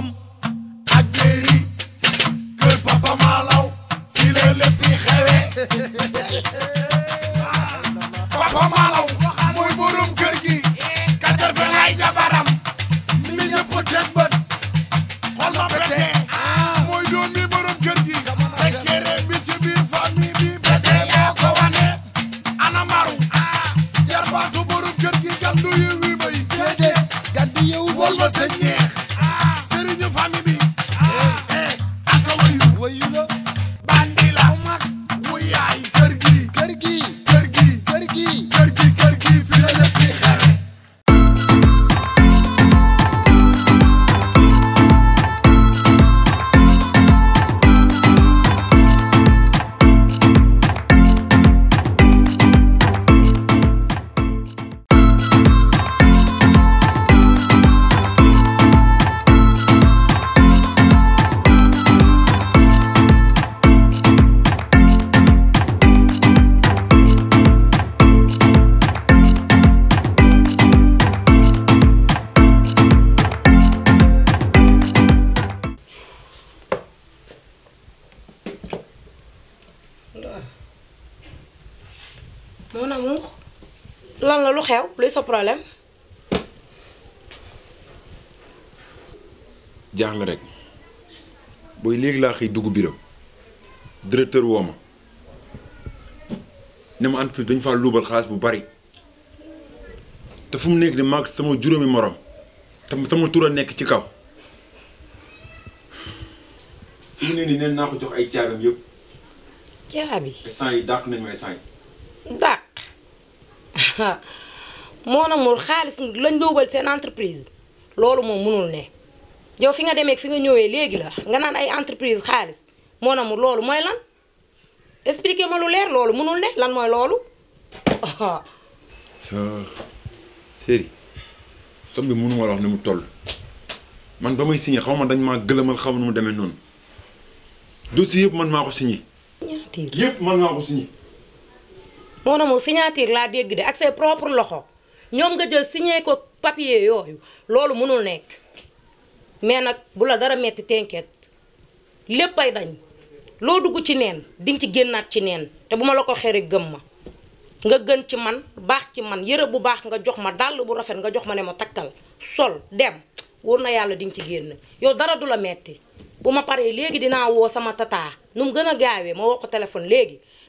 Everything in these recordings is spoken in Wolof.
Ngom ak Jéeri kër Papa Malaw fii la lépp yi xewee Papa Malaw lan la lu xew luy sa problème. jaaxle rek booy léegi laa xëy dugg biram directeur woo ma ne ma entreprise dañu faa luubal xaalis bu bari te fu mu nekk ni maag sama juróomi moroom te sama tur nekk ci kaw fi mu ne nii neen naa ko jox ay caagam yëpp. caabi. instant yi dàq nañu ma yi. mon amour xaalis lañ doogal seen entreprise loolu moom mënul ne yow fi nga demee fi nga ñëwee léegi la nga naan ay entreprise xaalis mon mu loolu mooy lan expliquer ma lu leer loolu mënul ne lan mooy loolu. sa séri somme bi mënu ma la wax ni mu toll man ba may signé xaw ma dañ maa gëlëmal xaw nu mu demee noonu dossier yëpp man maa ko signé. yëpp moo na mu signature laa dégg de ak ses propres loxo ñoom nga jël siñee ko papier yooyu loolu mënul nekk mais nag bu la dara metti tenket lépp léppay dañ loo dugg ci neen di nga ci génnaat ci neen te bu ma la ko xeri gëm ma nga gën ci man baax ci man yëre bu baax nga jox ma dàll bu rafet nga jox ma ne ma takkal sol dem wóor na yàlla di nga ci génn yow dara du la metti bu ma paree léegi dinaa woo sama tataa nu mu gën a gaawee ma woo ko téléphone léegi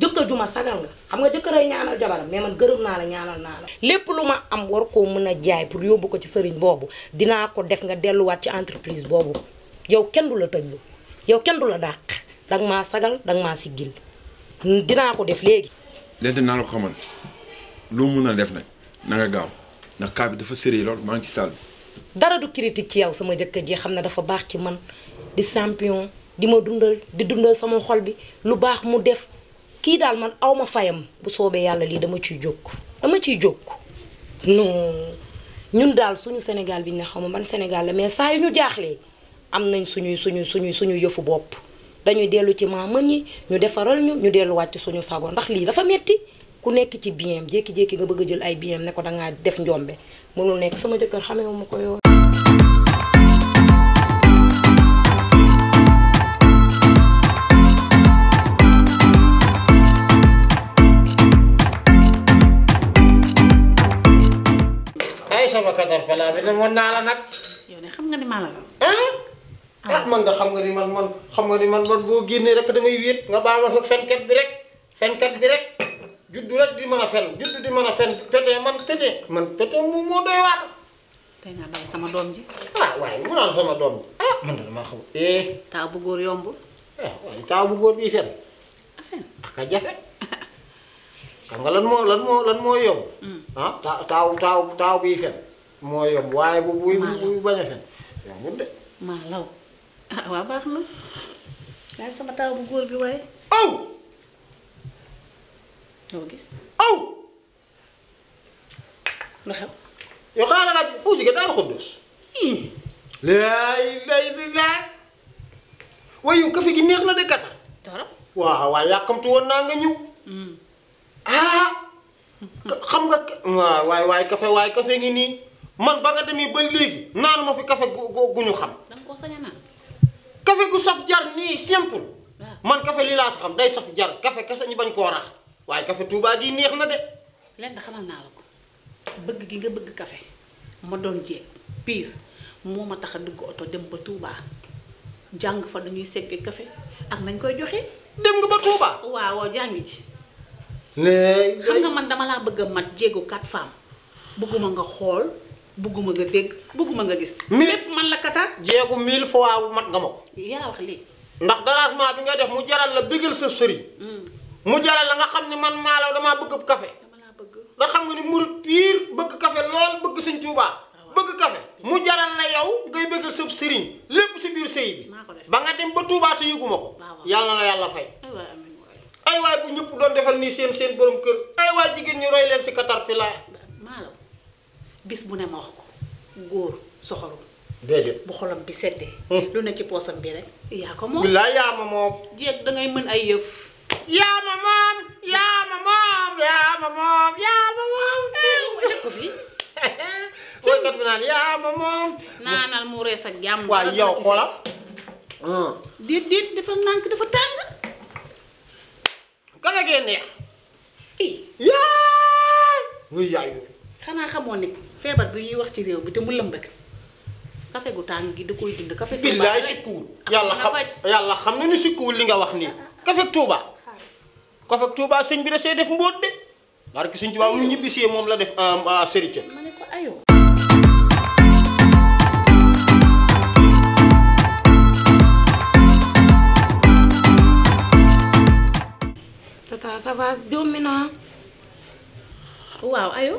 jëkkër ju sagal nga xam nga jëkkër ay ñaanal jabaram mais man gërëm naa la ñaanal naa la lépp lu ma am war koo mën a jaay pour yóbbu ko ci sëriñ boobu dinaa ko def nga delluwaat ci entreprise boobu yow kenn du la lu yow kenn du la dàq danga maa sagal danga maa siggil dinaa ko def léegi. léegi naa la ko xamal loo mun a def nag na nga gaaw ndax cas bi dafa sérieux lool maa ngi ci salle bi. dara du critique ci yow sama jëkkër ji xam ne dafa baax ci man di champion di ma dundal di dundal sama xol bi lu baax mu def. kii daal man awma fayam bu soobee yàlla lii dama ciy jóg dama ciy jóg non ñun daal suñu Sénégal bi ne xaw ma ban Sénégal la mais saa yu ñu jaaxlee am nañ suñuy suñu suñuy suñuy yëfu bopp dañuy dellu ci maam ñi ñu defaral ñu ñu delluwaat ci suñu sago ndax lii dafa metti ku nekk ci bien jékki-jékki nga bëgg a jël ay bien ne ko dangaa def njombe mënul nekk sama jëkkër xamee wu ma ko yoon jaabir nag won naa la yow ne xam nga ni la ah. ah man nga xam nga ni man man xam nga ni man man boo génnee rek damay wéet nga ma bi rek bi rek juddu rek di mën fen juddu di mën fen pété man pété man pété mu doy nga sama doom ji ah waaye mu sama dom? ah man dama xam eh taaw bu góor yombul ah, bu góor bi fen ah, fen aka jafe xam nga lan moo lan moo lan moo mm. ah taaw taaw taaw bi fen moo yomb waaye bu buy buy bañ a fen maa law ah baax na laaj sama taw bu góor bi waaye. aw. doo gis. aw. lu xew. yow xaaral nga foo jigéen daal xudduus. lay lay lay. waaye kafe gi neex na de katam. dara waaw waaye yàkkamtu woon naa nga ñëw. Hmm. ah. xam nga waaw waay waay kafe waay kafe ngi nii. man ba nga demé ba légui nan ma fi café guñu xam. café gu saf jar ni simple. man café li la xam day saf jar café kessa ñu bañ ko rax waye café Touba gi neex na lén da xamal na la ko bëgg gi nga bëgg café ma doon jé pire moma tax dem ba Touba jang fa dañuy seggee café ak nañ koy joxé dem nga ba Touba. waaw jang ci ji. xam nga man dama la bëgg mat quatre femmes bëgguma nga xol buku nga buku bëgguma nga gis. man la kata. jéego mille fois bu mat nga ma ko. wax lii. ndax dérangement bi nga def mu jaral la bëggal sa sëriñ. Mm. mu jaral la nga xam man maa la bëgg café. dama xam nga ni murit piir bëgg café lool bëgg sëñ Tuubaa. Ah, bëgg café mu jaral la yow ngay sa biir bi. ba nga dem ba te la fay. ay bu doon defal seen seen borom kër ay roy leen bis bu ne ma wax ko góor soxorul. déedéet bu xolam bi seddee. Hmm. lu ne ci poosam bi rek. yaa ko moom billaay yaa ma moom. jéeg da mën ay yëf. yaa ma moom naanal mu rees ak jàmm. waaw yow xoolal. Hmm. déet déet dafa nànk dafa tàng. gën génneex. yaa. muy yaay xanaa xamoon ne. feebar bi ñuy wax ci réew bi te mu lëmbët kafe gu tàng gi da koy dund kafe Touba billaay sikkuwul ah, ah, yàlla xam ah, yàlla xam na li nga wax nii kafe Touba kafe sëñ bi da see def mbóot de parce que sëñ Touba mu ñibbisee moom la def euh, euh, sërite ma ne ko jommi naa waaw ayo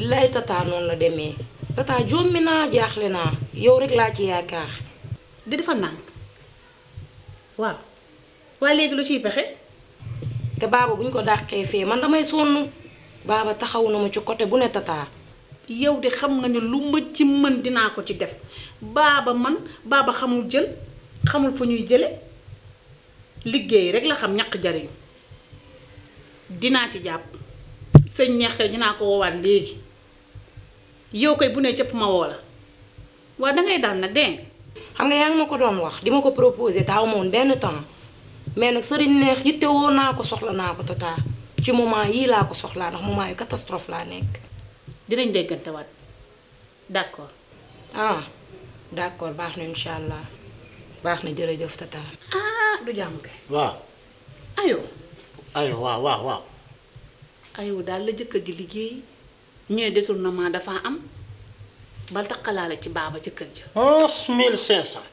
billaay tata noonu la demee tata jommi naa jaaxle naa yow rek laa ci yaakaar. di dafa nànk waaw waaye léegi lu ciy pexe. te baaba bu ñu ko dàqee fee man damay sonn baaba taxaw na ma ci côté bu ne tata. yow de xam nga ni lu ma ci mën dinaa ko ci def baaba man baaba xamul jël xamul fu ñuy jële liggéey rek la xam ñaq jariñ dinaa ci jàpp sëñ ñeex dinaa ko woowaat léegi yow koy bu ne ci ma wola wa da ngay dal nak de xam nga yang mako doon wax di ma ko proposé mon ma woon temps mais nak serigne neex yitte woo naa ko soxla na ko tata ci moment yi la ko soxla nak moment yu catastrophe dinañ wat d'accord ah d'accord accord baax na incha allah tata. ah du jam kay. wa ayo. ayo wah, wah, wah. ayo dal la diligi. liggéey. ñu ne détournement dafa am ba taqalaale ci baaba ci kër ja. onze mille cinq cent.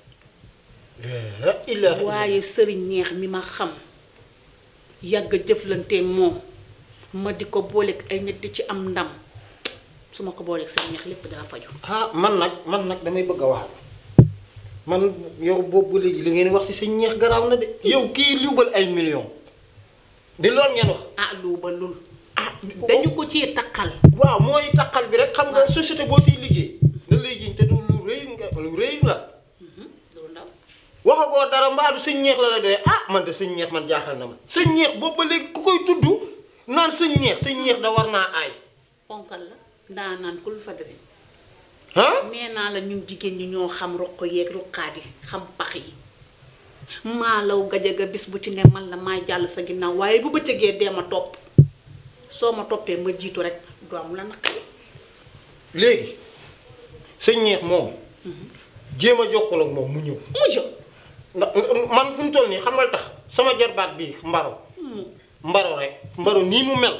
Eh, waaye sëriñ neex mi ma xam yàgg a jëflanteeg moom ma di ko booleeg ay nit di ci am ndam su ma ko booleeg sëriñ neex lépp dana faju ah man nag man nag damay bëgg a wax man yow boobu léegi li ngeen wax si sëñ ñeex garaaw na de. yow kii luubal ay millions. di loolu ngeen wax. ah luubalul. dañu ko ci takkal waaw mooy taqal bi rek xam nga société boo siy liggéey da lay jiñ te du lu rëy nga lu rëy la mhm, waxagoo dara mbaalu sëñ ñeex la la doy ah man de sëñ ñeex man jaaxal na ma sëñ ñeex boobu ba léegi ku koy tudd naan sëñ ñeex sëñ ñeex da war naa aay ponkal la ndaa naan kul fadri ah nee naa la ñun jigéen ñi ñoo xam roq yeeg ruqaat yi xam pax yi maalaw gajaga bis bu ci ne man la maay jàll sa ginnaaw waaye bu bëccëgee dee ma topp so ma toppee ma jitu rek do am la nak légui sëñ ñeex mom mhm. jéem a jokkoo ak mom mu ñew mu ñëw man fuñ mu toll nii xam nga tax sama jarbat bi mbaro hmm. mbaro rek mbaro ni mu mel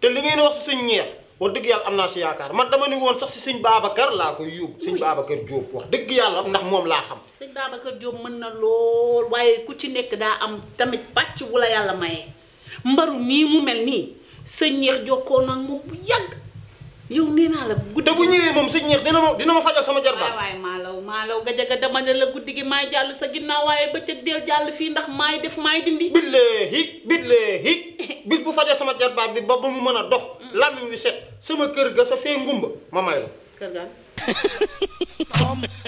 te li ngeen wax si sëñ ñeex wax dëgg yàlla am naa si man dama ni woon sax ci sëñ babakar la koy yóbbu sëñ babakar job wax deug yalla ndax mom la xam sëñ babakar job mën na lool waye ku ci nekk da am tamit patch wu la yalla mayee mbaru ni mu mel ni sëñ ñeex jokkoo nag moom bu yàgg yow nee naa la. guddi te bu ñëwee moom sëñ ñeex dina ma dina ma fajal sama jarbaat. waaw waay maalaw maalaw nga jaga dama ne la guddi gi maay jàll sa ginnaaw waaye bëccëg deel jàll fii ndax maay def maay dindi. billaahi billaahi bis bu fajal sama jarbaat bi ba ba mu mën a dox. làmmiñ wi set sama kër ga sa fee ngumba ma may la. kër ga.